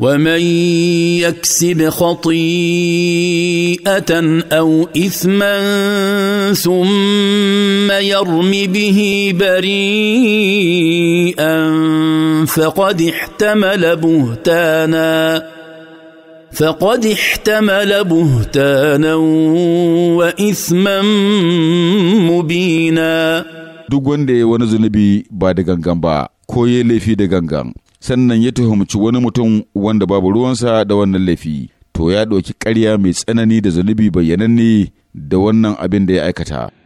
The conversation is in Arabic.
ومن يكسب خطيئه او اثما ثم يرم به بريئا فقد احتمل بهتانا فقد احتمل بهتانا واثما مبينا دوغوندي ونزل ya بعد غنغامبا كويلي في دغنغام sannan ya tuhumci wani mutum wanda babu ruwansa da wannan laifi to ya ɗauki ƙarya mai tsanani da zunubi bayyananne da wannan abin da ya aikata